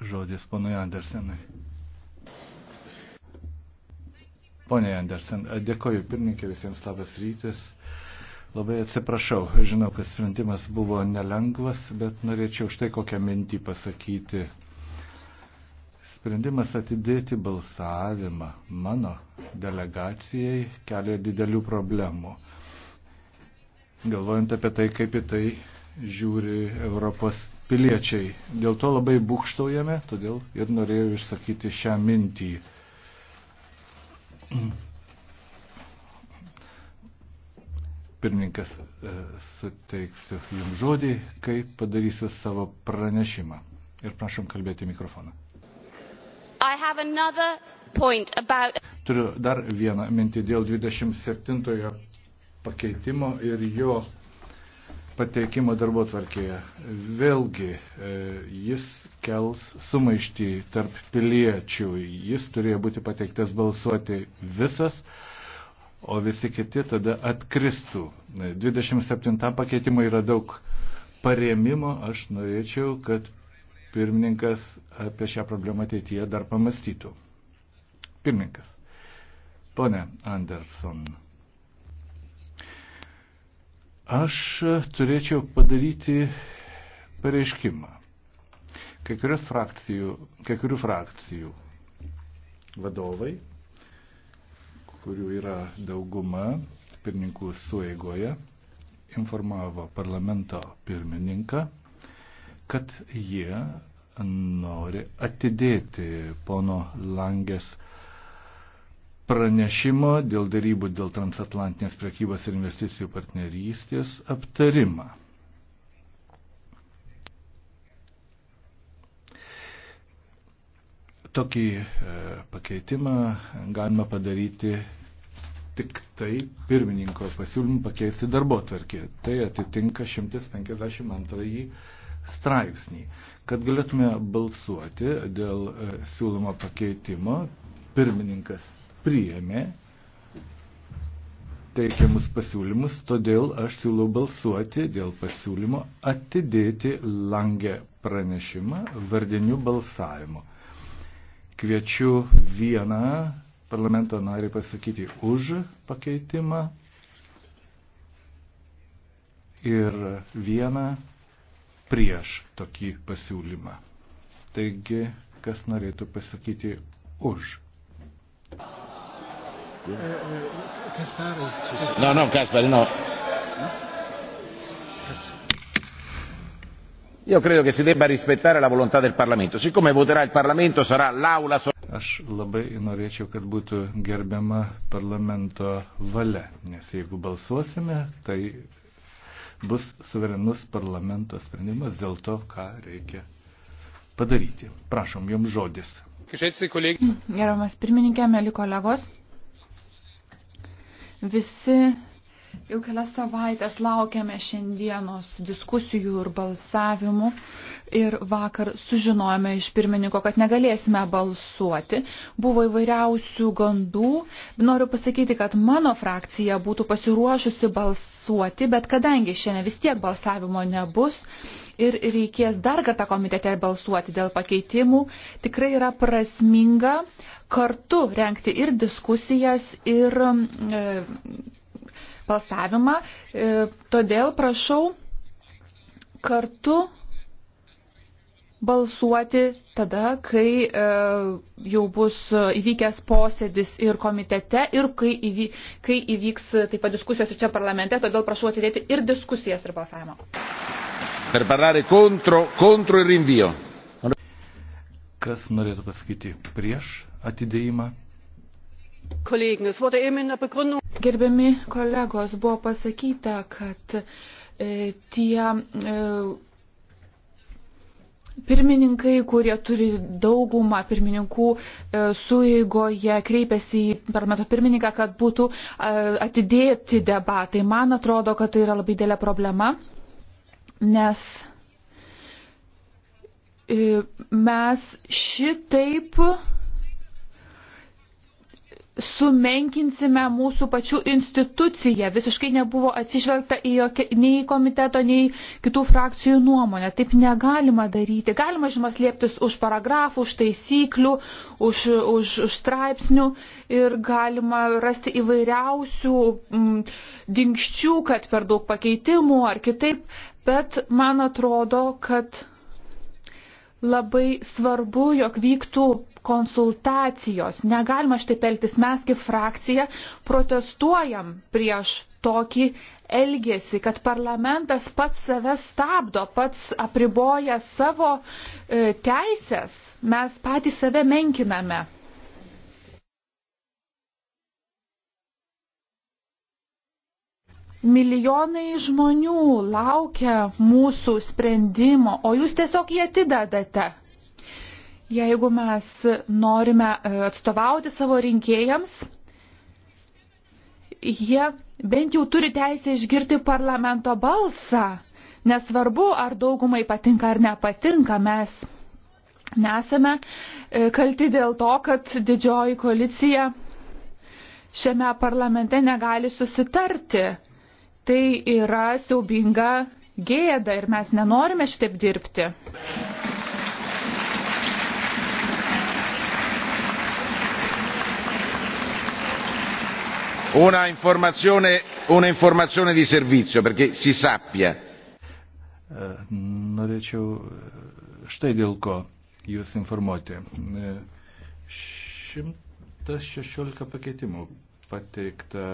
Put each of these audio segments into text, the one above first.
Žodis ponui Andersenui. Pone Andersen, dėkoju pirmininkė visiems labas rytis. Labai atsiprašau, žinau, kad sprendimas buvo nelengvas, bet norėčiau štai kokią mintį pasakyti. Sprendimas atidėti balsavimą mano delegacijai kelia didelių problemų. Galvojant apie tai, kaip į tai žiūri Europos piliečiai. Dėl to labai būkštaujame, todėl ir norėjau išsakyti šią mintį. Pirmininkas, e, suteiksiu jums žodį, kai padarysiu savo pranešimą. Ir prašom kalbėti mikrofoną. About... Turiu dar vieną mintį dėl 27 pakeitimo ir jo pateikimo darbo tvarkėje. Vėlgi e, jis kels sumaištį tarp piliečių. Jis turėjo būti pateiktas balsuoti visas, o visi kiti tada atkristų. 27 e, pakeitimo yra daug paremimo. Aš norėčiau, kad pirmininkas apie šią problemą ateityje dar pamastytų. Pirmininkas. Pone Anderson. Aš turėčiau padaryti pareiškimą. Kai, frakcijų, kai kurių frakcijų vadovai, kurių yra dauguma pirmininkų sueigoje, informavo parlamento pirmininką, kad jie nori atidėti pono Langės pranešimo dėl darybų dėl transatlantinės prekybos ir investicijų partnerystės aptarimą. Tokį e, pakeitimą galima padaryti tik tai pirmininko pasiūlymų pakeisti darbo tvarkį. Tai atitinka 152 straipsnį. Kad galėtume balsuoti dėl e, siūlomo pakeitimo, pirmininkas priėmė teikiamus pasiūlymus, todėl aš siūlau balsuoti dėl pasiūlymo atidėti langę pranešimą vardiniu balsavimu. Kviečiu vieną parlamento narį pasakyti už pakeitimą ir vieną prieš tokį pasiūlymą. Taigi, kas norėtų pasakyti už Kaspari. Eh, eh, no, no, Kaspari no. Io credo che si debba rispettare la volontà del Parlamento. Siccome voterà il Parlamento sarà l'aula. Aš labai norėčiau, kad būtų gerbiama parlamento valia, nes jeigu balsuosime, tai bus suverenus parlamento sprendimas dėl to, ką reikia padaryti. Prašom, jums žodis. Gerbiamas pirmininkė, mėly kolegos, Visi Jau kelias savaitės laukiame šiandienos diskusijų ir balsavimų ir vakar sužinojome iš pirmininko, kad negalėsime balsuoti. Buvo įvairiausių gandų. Noriu pasakyti, kad mano frakcija būtų pasiruošusi balsuoti, bet kadangi šiandien vis tiek balsavimo nebus ir reikės dar kartą komitete balsuoti dėl pakeitimų, tikrai yra prasminga kartu renkti ir diskusijas, ir. E, balsavimą. E, todėl prašau kartu balsuoti tada, kai e, jau bus įvykęs posėdis ir komitete, ir kai, įvy, kai įvyks taip pat diskusijos ir čia parlamente, todėl prašau atidėti ir diskusijas ir balsavimą. Per parlare contro, contro il rinvio. Kas norėtų pasakyti prieš atidėjimą? Kollegen, es wurde eben in der Begründung Gerbiami kolegos, buvo pasakyta, kad e, tie e, pirmininkai, kurie turi daugumą pirmininkų e, sueigoje, kreipiasi į parlamento pirmininką, kad būtų e, atidėti debatai. Man atrodo, kad tai yra labai dėlė problema, nes e, mes šitaip sumenkinsime mūsų pačių instituciją. Visiškai nebuvo atsižvelgta į jokį, nei komiteto, nei kitų frakcijų nuomonę. Taip negalima daryti. Galima, žinoma, slėptis už paragrafų, už taisyklių, už, už, už straipsnių ir galima rasti įvairiausių m, mm, dinkščių, kad per daug pakeitimų ar kitaip. Bet man atrodo, kad labai svarbu, jog vyktų konsultacijos. Negalima šitaip elgtis. Mes kaip frakcija protestuojam prieš tokį elgesį, kad parlamentas pats save stabdo, pats apriboja savo e, teisės. Mes patys save menkiname. Milijonai žmonių laukia mūsų sprendimo, o jūs tiesiog jį atidedate. Jeigu mes norime e, atstovauti savo rinkėjams, jie bent jau turi teisę išgirti parlamento balsą. Nesvarbu, ar daugumai patinka ar nepatinka, mes nesame e, kalti dėl to, kad didžioji koalicija šiame parlamente negali susitarti. Tai yra siaubinga gėda ir mes nenorime šitaip dirbti. un'informazione di servizio perché si sappia. E, norėčiau e, štai dėl ko jūs informuoti. 116 e, pakeitimų pateikta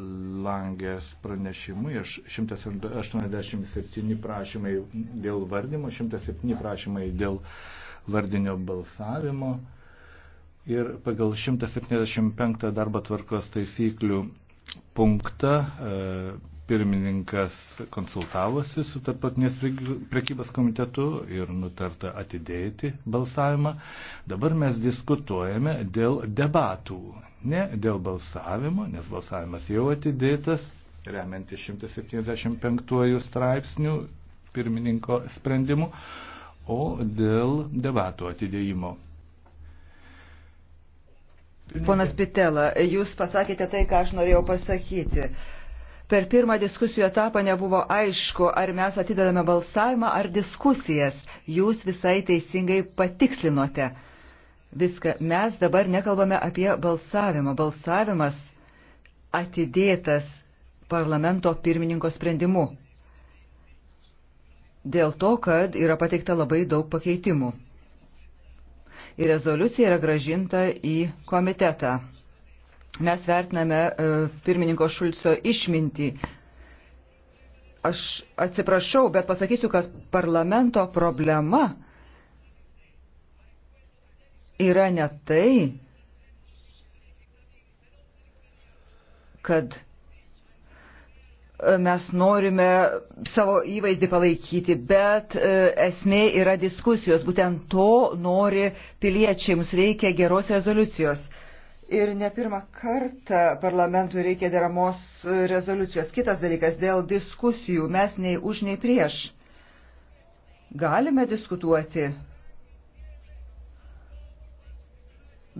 langės pranešimui, 187 prašymai dėl vardymo, 107 prašymai dėl vardinio balsavimo. Ir pagal 175 darbo tvarkos taisyklių punktą e, pirmininkas konsultavosi su tarptautinės prekybos komitetu ir nutarta atidėti balsavimą. Dabar mes diskutuojame dėl debatų, ne dėl balsavimo, nes balsavimas jau atidėtas, remiantis 175 straipsnių pirmininko sprendimu, o dėl debatų atidėjimo. Ponas Pitela, jūs pasakėte tai, ką aš norėjau pasakyti. Per pirmą diskusijų etapą nebuvo aišku, ar mes atidedame balsavimą ar diskusijas. Jūs visai teisingai patikslinote viską. Mes dabar nekalbame apie balsavimą. Balsavimas atidėtas parlamento pirmininko sprendimu. Dėl to, kad yra pateikta labai daug pakeitimų ir rezoliucija yra gražinta į komitetą. Mes vertiname e, pirmininko Šulco išmintį. Aš atsiprašau, bet pasakysiu, kad parlamento problema yra ne tai, kad mes norime savo įvaizdį palaikyti, bet e, esmė yra diskusijos. Būtent to nori piliečiai, mums reikia geros rezoliucijos. Ir ne pirmą kartą parlamentui reikia deramos rezoliucijos. Kitas dalykas dėl diskusijų. Mes nei už, nei prieš. Galime diskutuoti.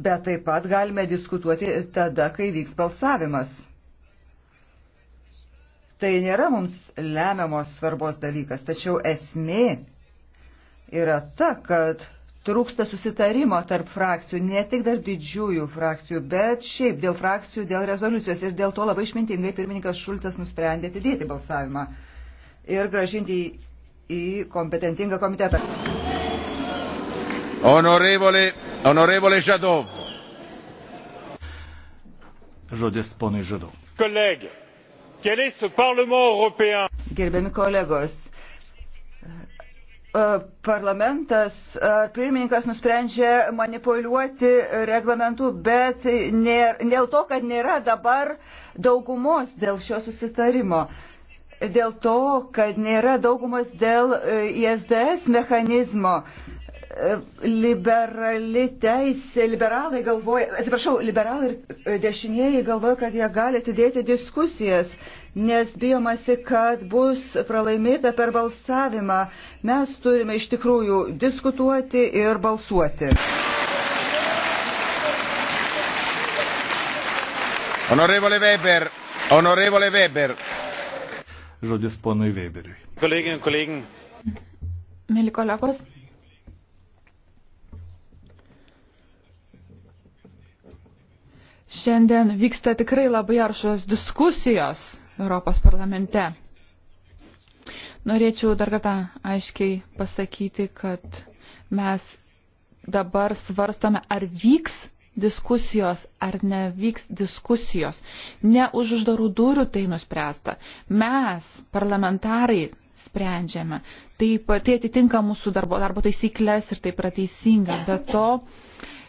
Bet taip pat galime diskutuoti tada, kai vyks balsavimas tai nėra mums lemiamos svarbos dalykas, tačiau esmė yra ta, kad trūksta susitarimo tarp frakcijų, ne tik tarp didžiųjų frakcijų, bet šiaip dėl frakcijų, dėl rezoliucijos ir dėl to labai išmintingai pirmininkas Šulcas nusprendė atidėti balsavimą ir gražinti į, į kompetentingą komitetą. Honorevole, honorevole Žadov. Žodis ponai Žadov. Kolegė. Gerbiami kolegos, e, parlamentas, e, pirmininkas nusprendžia manipuliuoti reglamentu, bet nėr, dėl to, kad nėra dabar daugumos dėl šio susitarimo. Dėl to, kad nėra daugumos dėl e, ISDS mechanizmo liberali teisė, liberalai galvoja, atsiprašau, liberalai ir e, dešinieji galvoja, kad jie gali atidėti diskusijas, nes bijomasi, kad bus pralaimėta per balsavimą. Mes turime iš tikrųjų diskutuoti ir balsuoti. Honorevole Weber, honorevole Weber. Žodis ponui Weberiui. Kolegin, kolegin. Mėly kolegos, Šiandien vyksta tikrai labai aršios diskusijos Europos parlamente. Norėčiau dar kartą aiškiai pasakyti, kad mes dabar svarstome, ar vyks diskusijos, ar nevyks diskusijos. Ne už uždarų durų tai nuspręsta. Mes, parlamentarai, sprendžiame. Taip, tai atitinka mūsų darbo, darbo taisyklės ir taip yra teisinga. Be to,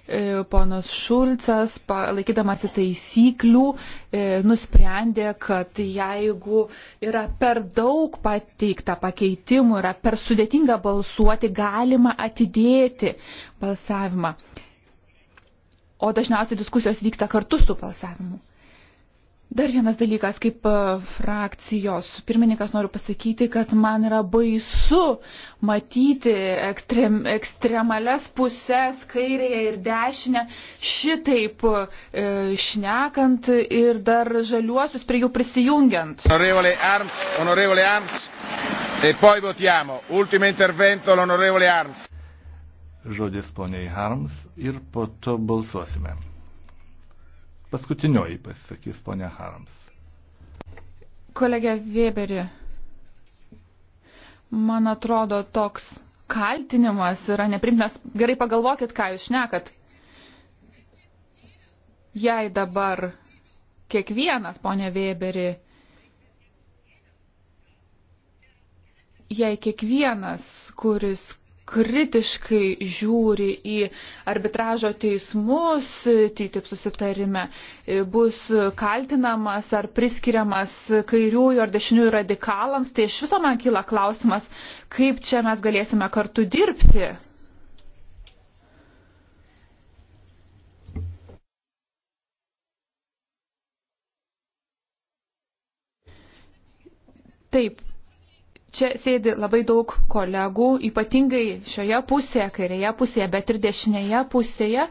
E, ponas Šulcas, laikydamasi taisyklių, e, nusprendė, kad jeigu yra per daug pateikta pakeitimų, yra per sudėtinga balsuoti, galima atidėti balsavimą. O dažniausiai diskusijos vyksta kartu su balsavimu. Dar vienas dalykas, kaip e, frakcijos pirmininkas noriu pasakyti, kad man yra baisu matyti ekstrem, ekstremales pusės, kairėje ir dešinę, šitaip e, šnekant ir dar žaliuosius prie jų prisijungiant. Honorevole Arms, honorevole Arms, e poi votiamo. Ultimo intervento, honorevole Arms. Žodis poniai Harms ir po to balsuosime. Paskutinioji pasisakys ponia Harams. Kolegė Weberi, man atrodo, toks kaltinimas yra neprimtinas. Gerai pagalvokit, ką jūs šnekat. Jei dabar kiekvienas, ponia Weberi, jei kiekvienas, kuris kritiškai žiūri į arbitražo teismus, tai taip susitarime, e, bus kaltinamas ar priskiriamas kairiųjų ar dešiniųjų radikalams, tai iš viso man kyla klausimas, kaip čia mes galėsime kartu dirbti. Taip, Čia sėdi labai daug kolegų, ypatingai šioje pusėje, kairėje pusėje, bet ir dešinėje pusėje,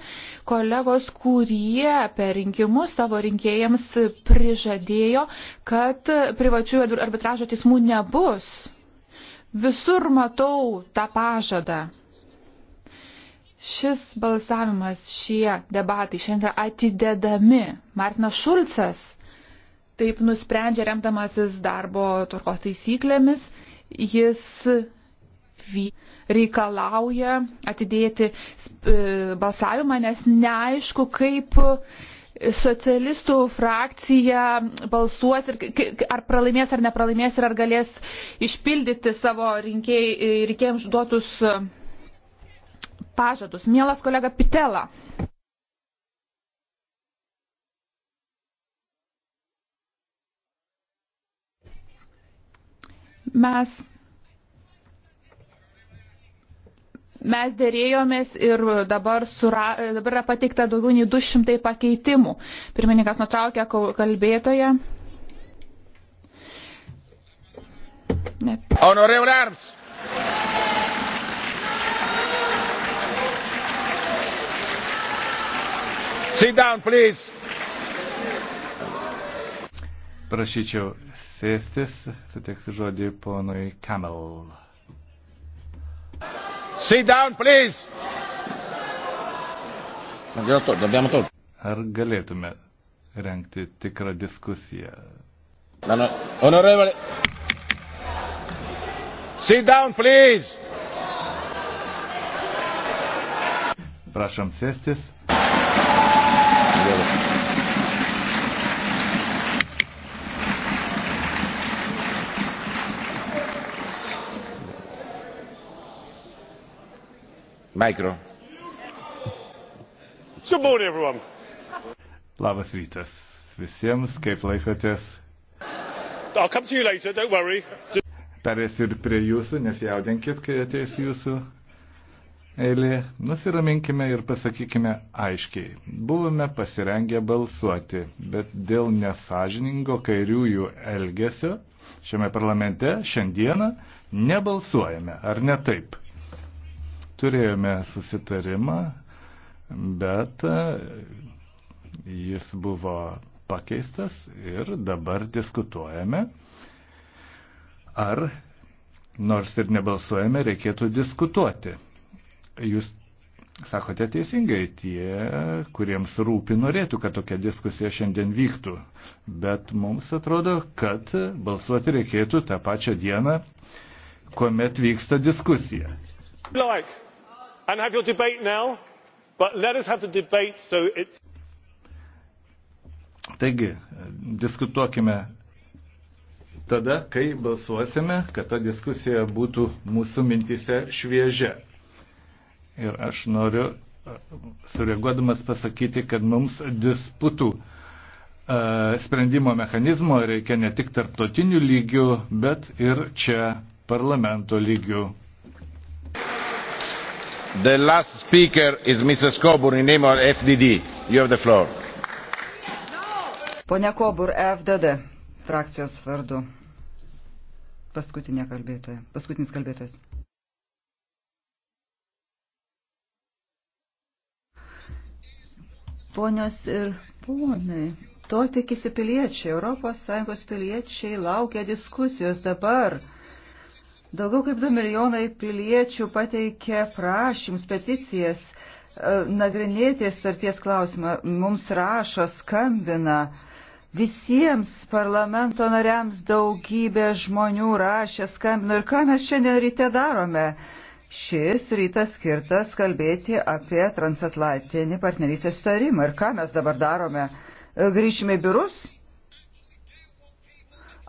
kolegos, kurie per rinkimus savo rinkėjams prižadėjo, kad privačių arbitražo teismų nebus. Visur matau tą pažadą šis balsavimas, šie debatai šiandien yra atidedami. Martinas Šulcas taip nusprendžia remdamasis darbo tvarkos taisyklėmis jis reikalauja atidėti e, balsavimą, nes neaišku, kaip socialistų frakcija balsuos ir ar pralaimės ar nepralaimės ir ar galės išpildyti savo rinkėjams duotus e, pažadus. Mielas kolega Pitela. Mes mes dėrėjomės ir dabar, sura, dabar yra pateikta daugiau nei 200 pakeitimų. Pirmininkas nutraukė kalbėtoją. Honorable Arms. Sit down, please. Prašyčiau sėstis, suteiksiu žodį ponui Kamel. Sit down, please! Ar galėtume rengti tikrą diskusiją? Honorevole. Sit down, please! Prašom sėstis. Gerai. Micro. Good morning, everyone. Labas rytas visiems, kaip laikotės. I'll come to you later, don't worry. Perėsiu ir prie jūsų, nesijaudinkit, kai ateis jūsų eilė. Nusiraminkime ir pasakykime aiškiai. Buvome pasirengę balsuoti, bet dėl nesažiningo kairiųjų elgesio šiame parlamente šiandieną nebalsuojame, ar ne taip? Turėjome susitarimą, bet e, jis buvo pakeistas ir dabar diskutuojame, ar nors ir nebalsuojame, reikėtų diskutuoti. Jūs sakote teisingai, tie, kuriems rūpi, norėtų, kad tokia diskusija šiandien vyktų, bet mums atrodo, kad balsuoti reikėtų tą pačią dieną, kuomet vyksta diskusija. Like have your debate now but let us have the debate so it's Taigi, diskutuokime tada, kai balsuosime, kad ta diskusija būtų mūsų mintise šviežia. Ir aš noriu, sureaguodamas, pasakyti, kad mums disputų sprendimo mechanizmo reikia ne tik tarptautinių lygių, bet ir čia parlamento lygių the last speaker is Mrs. Coburn in name of FDD. You have the floor. Pone Kobur, FDD frakcijos vardu. Paskutinė kalbėtoja. Paskutinis kalbėtojas. Ponios ir ponai, to tikisi piliečiai, ES piliečiai laukia diskusijos dabar. Daugiau kaip 2 milijonai piliečių pateikė prašymus, peticijas e, nagrinėti sutarties klausimą. Mums rašo, skambina. Visiems parlamento nariams daugybė žmonių rašė, skambino ir ką mes šiandien ryte darome. Šis rytas skirtas kalbėti apie transatlantinį partnerystės sutarimą ir ką mes dabar darome. E, grįšime į biurus,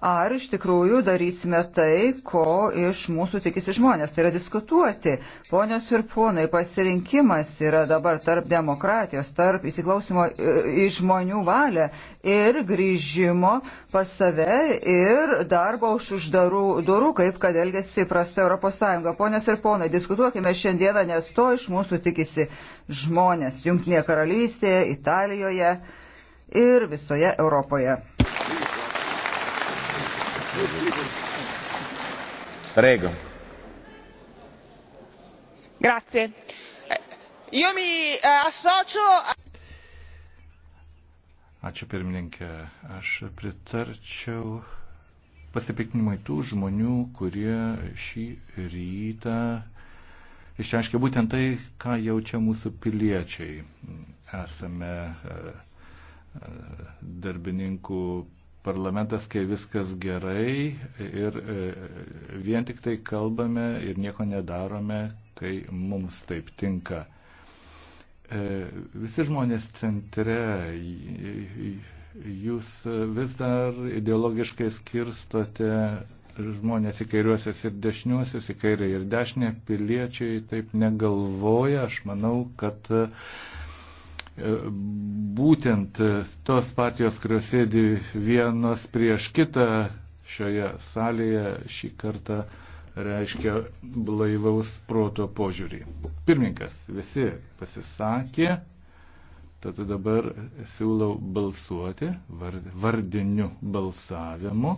ar iš tikrųjų darysime tai, ko iš mūsų tikisi žmonės, tai yra diskutuoti. Ponios ir ponai, pasirinkimas yra dabar tarp demokratijos, tarp įsiklausimo e, į žmonių valią ir grįžimo pas save ir darbo už uždarų durų, kaip kad elgesi prasta ES. Ponios ir ponai, diskutuokime šiandieną, nes to iš mūsų tikisi žmonės Junktinėje karalystėje, Italijoje ir visoje Europoje. Eh, io mi eh, associo ačiū pirmininkė aš pritarčiau pasipiktinimai tų žmonių kurie šį rytą išreiškė būtent tai ką jaučia mūsų piliečiai esame eh, darbininkų parlamentas, kai viskas gerai ir e, vien tik tai kalbame ir nieko nedarome, kai mums taip tinka. E, visi žmonės centre, jūs vis dar ideologiškai skirstote žmonės į kairiuosius ir dešiniuosius, į kairę ir dešinę, piliečiai taip negalvoja, aš manau, kad būtent tos partijos, kurios sėdi vienos prieš kitą šioje salėje, šį kartą reiškia blaivaus proto požiūrį. Pirmininkas, visi pasisakė, tad dabar siūlau balsuoti vardiniu balsavimu.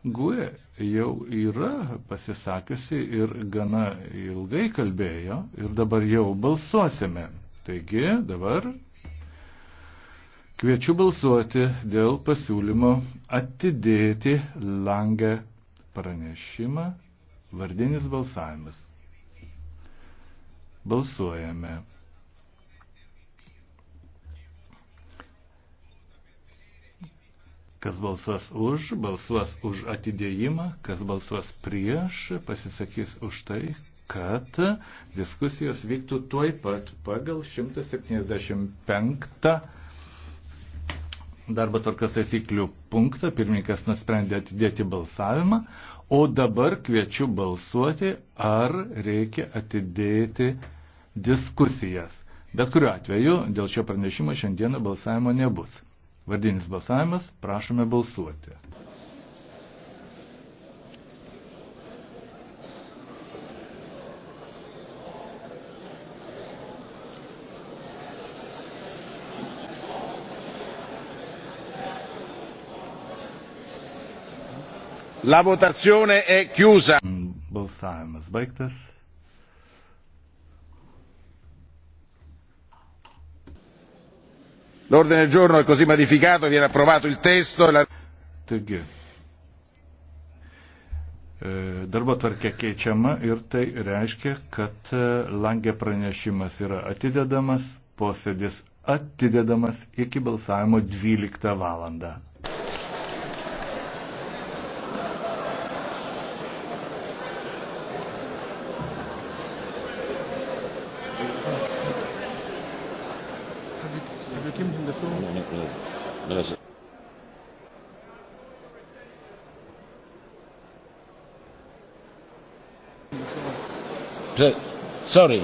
Gue jau yra pasisakiusi ir gana ilgai kalbėjo ir dabar jau balsuosime. Taigi dabar kviečiu balsuoti dėl pasiūlymo atidėti langę pranešimą vardinis balsavimas. Balsuojame. Kas balsuos už, balsuos už atidėjimą, kas balsuos prieš, pasisakys už tai, kad diskusijos vyktų tuoj pat pagal 175 darbo tvarkos taisyklių punktą. Pirmininkas nusprendė atidėti balsavimą, o dabar kviečiu balsuoti, ar reikia atidėti diskusijas. Bet kuriuo atveju dėl šio pranešimo šiandieną balsavimo nebus. Vardinis balsavimas, prašome balsuoti. La votazione è chiusa. Mm, balsavimas baigtas. L'ordine del giorno è così modificato, viene approvato il testo e la... Taigi, e, darbo tvarkė keičiama ir tai reiškia, kad e, langė pranešimas yra atidedamas, posėdis atidedamas iki balsavimo 12 valandą. Sorry,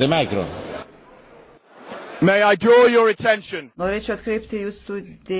the micro. May I draw your attention? Norėčiau atkreipti jūsų dėmesį.